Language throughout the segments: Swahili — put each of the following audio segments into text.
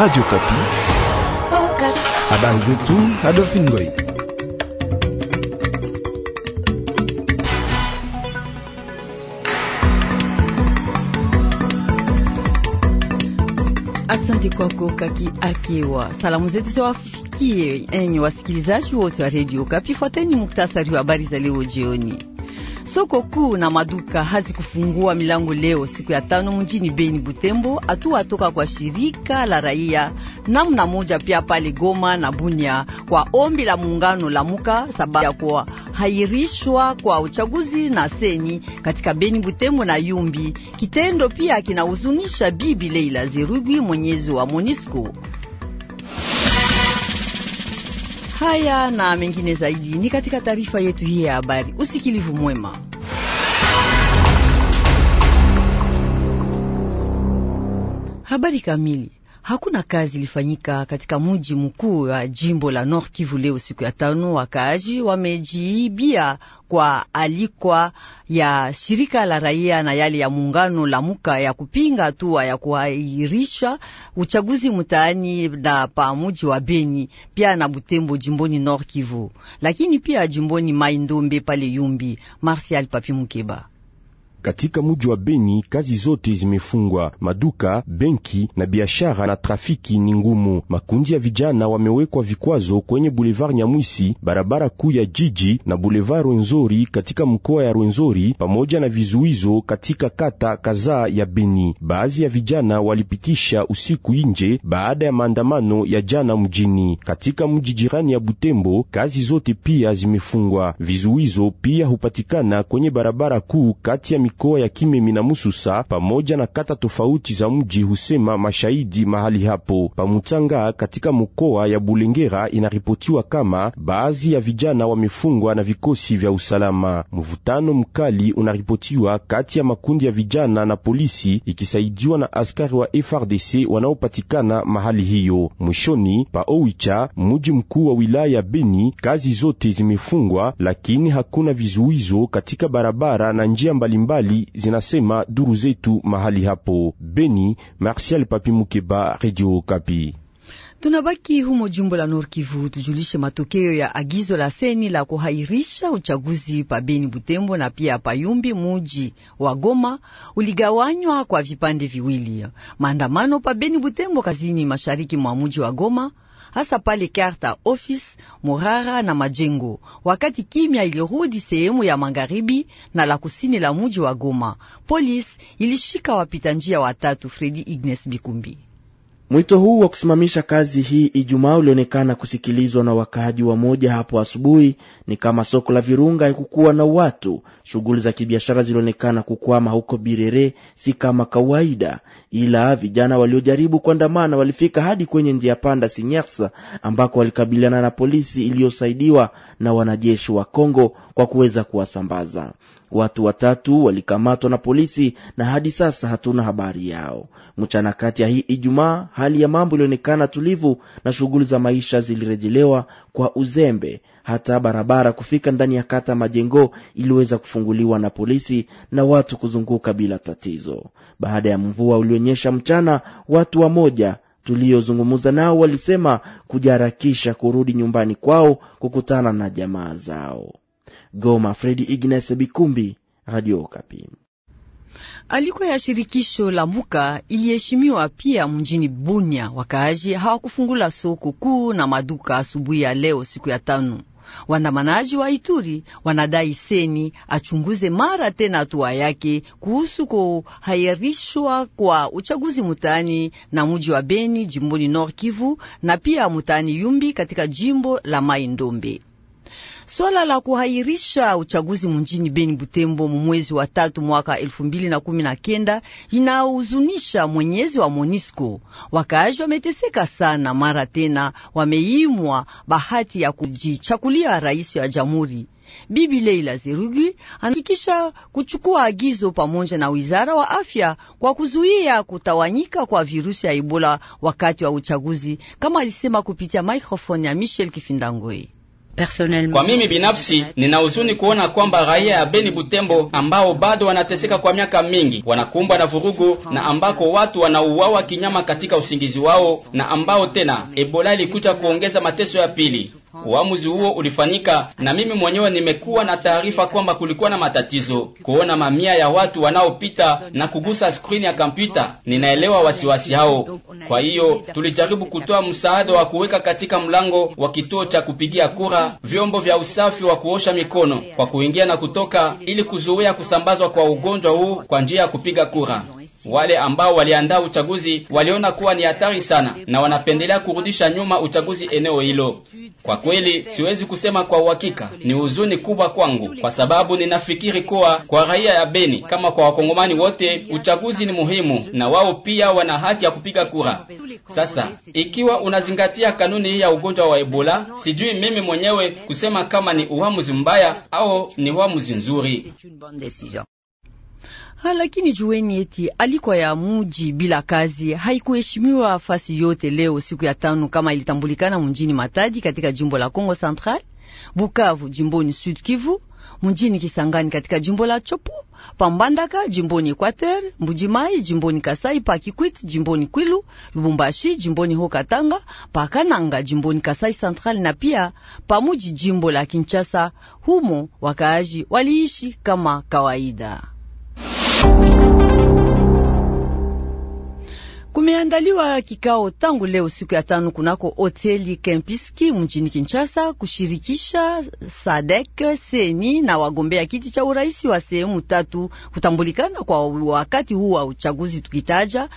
Radio Kapi. Habari zetu Adolphine Ngoy. Asante kwako kaki akiwa. Salamu zetu zawafikie enyi wasikilizaji wote wa Radio Kapi. Fuateni muktasari wa habari za leo jioni. Soko kuu na maduka hazikufungua milango leo siku ya tano mjini Beni Butembo, hatua toka kwa shirika la raia namna moja, pia pale Goma na Bunia kwa ombi la muungano la muka sababu ya kuhairishwa kwa uchaguzi na seni katika Beni Butembo na Yumbi. Kitendo pia kinahuzunisha Bibi Leila Zerugwi, mwenyezi wa Monisco. Haya na mengine zaidi ni katika taarifa yetu hii ya habari. Usikilivu mwema. Habari kamili. Hakuna kazi ilifanyika katika muji mkuu wa jimbo la Nord Kivu leo siku ya tano. Wakaaji wamejiibia kwa alikwa ya shirika la raia na yale ya muungano la muka ya kupinga hatua ya kuahirisha uchaguzi mtaani na pa muji wa Beni pia na Butembo jimboni Nord Kivu, lakini pia jimboni maindombe pale Yumbi. Marsial Papi Mukeba katika mji wa Beni kazi zote zimefungwa, maduka, benki na biashara na trafiki ni ngumu. Makundi ya vijana wamewekwa vikwazo kwenye Boulevard Nyamwisi, barabara kuu ya jiji na Boulevard Rwenzori katika mkoa ya Rwenzori, pamoja na vizuizo katika kata kadhaa ya Beni. Baadhi ya vijana walipitisha usiku nje baada ya maandamano ya jana mjini. Katika mji jirani ya Butembo kazi zote pia zimefungwa, vizuizo pia hupatikana kwenye barabara kuu kati ya mikoa ya kimemi na Mususa pamoja na kata tofauti za mji husema mashahidi mahali hapo. Pamutanga katika mkoa ya Bulengera inaripotiwa kama baadhi ya vijana wamefungwa na vikosi vya usalama. Mvutano mkali unaripotiwa kati ya makundi ya vijana na polisi ikisaidiwa na askari wa FRDC wanaopatikana mahali hiyo. Mwishoni pa Owicha, mji mkuu wa wilaya Beni, kazi zote zimefungwa, lakini hakuna vizuizo katika barabara na njia mbalimbali mbali, zinasema duru zetu mahali hapo. Beni, Martial Papi Mukeba, Radio Kapi. Tunabaki humo jimbo la Nord Kivu, tujulishe matokeo ya agizo la seni la kuhairisha uchaguzi pa Beni, Butembo na pia Payumbi. Muji wa Goma uligawanywa kwa vipande viwili. Maandamano pa Beni, Butembo, kazini mashariki mwa muji wa Goma hasa pale Karta Office, Murara na Majengo, wakati kimya ilirudi sehemu ya magharibi na la kusini la muji wa Goma. Polisi ilishika wapita njia watatu Fredi ignes Bikumbi Mwito huu wa kusimamisha kazi hii Ijumaa ulionekana kusikilizwa na wakaaji wa moja hapo asubuhi. Ni kama soko la Virunga haikukuwa na watu, shughuli za kibiashara zilionekana kukwama huko Birere, si kama kawaida, ila vijana waliojaribu kuandamana walifika hadi kwenye njia panda Sinyasa, ambako walikabiliana na polisi iliyosaidiwa na wanajeshi wa Kongo kwa kuweza kuwasambaza. Watu watatu walikamatwa na polisi na hadi sasa hatuna habari yao. Mchana kati ya hii Ijumaa, hali ya mambo ilionekana tulivu na shughuli za maisha zilirejelewa kwa uzembe. Hata barabara kufika ndani ya kata Majengo iliweza kufunguliwa na polisi na watu kuzunguka bila tatizo. Baada ya mvua ulionyesha mchana, watu wa moja tuliozungumza nao walisema kujiharakisha kurudi nyumbani kwao kukutana na jamaa zao. Goma, Fredi ignes Bikumbi, Radio Okapi. Aliko ya shirikisho la Muka iliheshimiwa pia mjini Bunya. Wakaaji hawakufungula soko kuu na maduka asubuhi ya leo, siku ya tano. Waandamanaji wa Ituri wanadai seni achunguze mara tena hatua yake kuhusu kuhairishwa kwa uchaguzi mutani na muji wa Beni jimboni Nord Kivu na pia mutani Yumbi katika jimbo la Mai Ndombe. Swala la kuhairisha uchaguzi mjini Beni Butembo mwezi wa tatu mwaka elfu mbili na kumi na kenda inahuzunisha mwenyezi wa Monisco. Wakaaji wameteseka sana, mara tena wameimwa bahati ya kujichakulia rais wa jamhuri. Bibi Leila Zerugi anahakikisha kuchukua agizo pamoja na wizara wa afya kwa kuzuia kutawanyika kwa virusi ya Ebola wakati wa uchaguzi, kama alisema kupitia mikrofoni ya Michel Kifindangoi. Kwa mimi binafsi nina huzuni kuona kwamba raia ya Beni Butembo ambao bado wanateseka kwa miaka mingi wanakumbwa na vurugu na ambako watu wanauawa kinyama katika usingizi wao, na ambao tena Ebola ilikuja kuongeza mateso ya pili. Uamuzi huo ulifanyika na mimi mwenyewe nimekuwa na taarifa kwamba kulikuwa na matatizo kuona mamia ya watu wanaopita na kugusa skrini ya kompyuta. Ninaelewa wasiwasi hao. Kwa hiyo tulijaribu kutoa msaada wa kuweka katika mlango wa kituo cha kupigia kura vyombo vya usafi wa kuosha mikono kwa kuingia na kutoka, ili kuzuia kusambazwa kwa ugonjwa huu kwa njia ya kupiga kura. Wale ambao waliandaa uchaguzi waliona kuwa ni hatari sana, na wanapendelea kurudisha nyuma uchaguzi eneo hilo. Kwa kweli, siwezi kusema kwa uhakika. Ni huzuni kubwa kwangu, kwa sababu ninafikiri kuwa kwa raia ya Beni kama kwa wakongomani wote, uchaguzi ni muhimu na wao pia wana haki ya kupiga kura. Sasa ikiwa unazingatia kanuni hii ya ugonjwa wa Ebola, sijui mimi mwenyewe kusema kama ni uamuzi mbaya au ni uamuzi nzuri. Lakini jueni eti alikuwa ya muji bila kazi haikuheshimiwa fasi yote leo, siku ya tano kama ilitambulikana mjini Matadi katika jimbo la Kongo Central, Bukavu jimboni Sud Kivu, mjini Kisangani katika jimbo la Chopo, Pambandaka jimboni Equateur, Mbujimai jimboni Kasai, Pakikwit jimboni Kwilu, Lubumbashi jimboni hokatanga Pakananga jimboni Kasai Central na pia pamuji jimbo la Kinshasa. Humo wakaaji waliishi kama kawaida. Kumeandaliwa kikao tangu leo siku ya tano kunako hoteli kempiski mjini Kinshasa kushirikisha Sadek Seni na wagombea kiti cha urahisi wa sehemu tatu kutambulikana kwa wakati huu wa uchaguzi tukitaja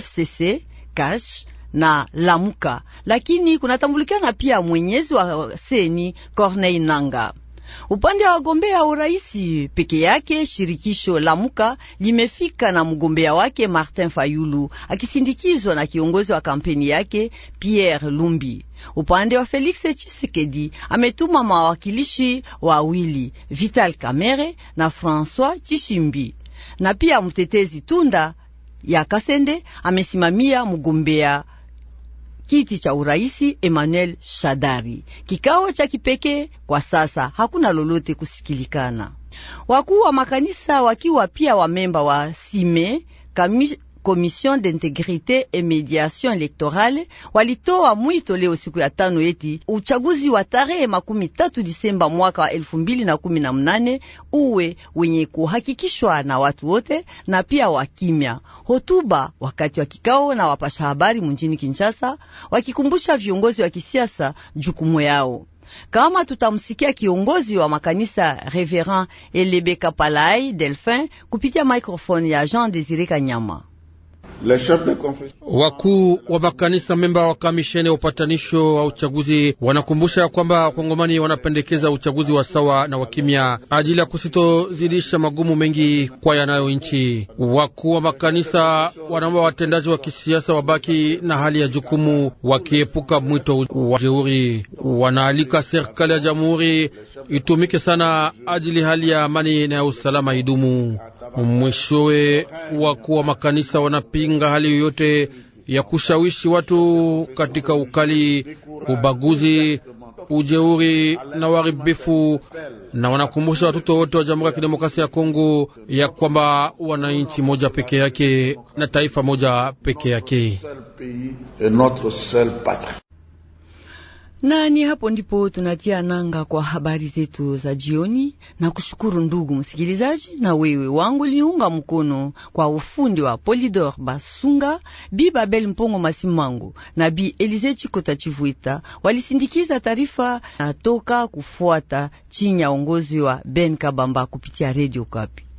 FCC, Kash na Lamuka, lakini kunatambulikana pia mwenyezi wa Seni Corneille Nanga. Upande wa wagombea uraisi peke yake, shirikisho Lamuka limefika na mgombea wake Martin Fayulu akisindikizwa na kiongozi wa kampeni yake Pierre Lumbi. Upande wa Felix Tshisekedi ametuma mawakilishi wawili Vital Kamerhe na François Chishimbi, na pia mtetezi Tunda ya Kasende amesimamia mgombea kiti cha uraisi Emmanuel Shadari. Kikao cha kipekee kwa sasa, hakuna lolote kusikilikana. Wakuu wa makanisa wakiwa pia wamemba wa Sime Commission d'integrité e mediation electorale walitoa mwito leo siku ya tano eti uchaguzi wa tarehe makumi tatu Disemba mwaka wa elfu mbili na kumi na mnane uwe wenye kuhakikishwa na watu wote na pia wakimya. Hotuba wakati wa kikao na wapasha habari munjini Kinshasa, wakikumbusha viongozi wa kisiasa jukumu yao kama tutamsikia kiongozi wa makanisa Reverend Elebeka Palai Delphin kupitia microphone ya Jean Desire Kanyama. Wakuu wa makanisa memba wa kamisheni ya upatanisho wa uchaguzi wanakumbusha kwamba wakongomani wanapendekeza uchaguzi wa sawa na wakimya ajili ya kusitozidisha magumu mengi kwa yanayo nchi. Wakuu wa makanisa wanaomba watendaji wa kisiasa wabaki na hali ya jukumu, wakiepuka mwito wa jeuri. Wanaalika serikali ya jamhuri itumike sana ajili hali ya amani na ya usalama idumu. Mwishowe, wakuu wa makanisa wanapinga hali yoyote ya kushawishi watu katika ukali, ubaguzi, ujeuri na uharibifu, na wanakumbusha watoto wote wa Jamhuri ya Kidemokrasia ya Kongo ya kwamba wana nchi moja peke yake na taifa moja peke yake. Nani hapo ndipo tunatia nanga kwa habari zetu za jioni, na kushukuru ndugu msikilizaji na wewe wangu liunga mkono kwa ufundi wa Polidor Basunga, Bi Babel Mpongo Masimangu na Bi Elize Chikota Chivuita walisindikiza taarifa natoka kufuata chini ya uongozi wa Ben Kabamba kupitia Radio Kapi.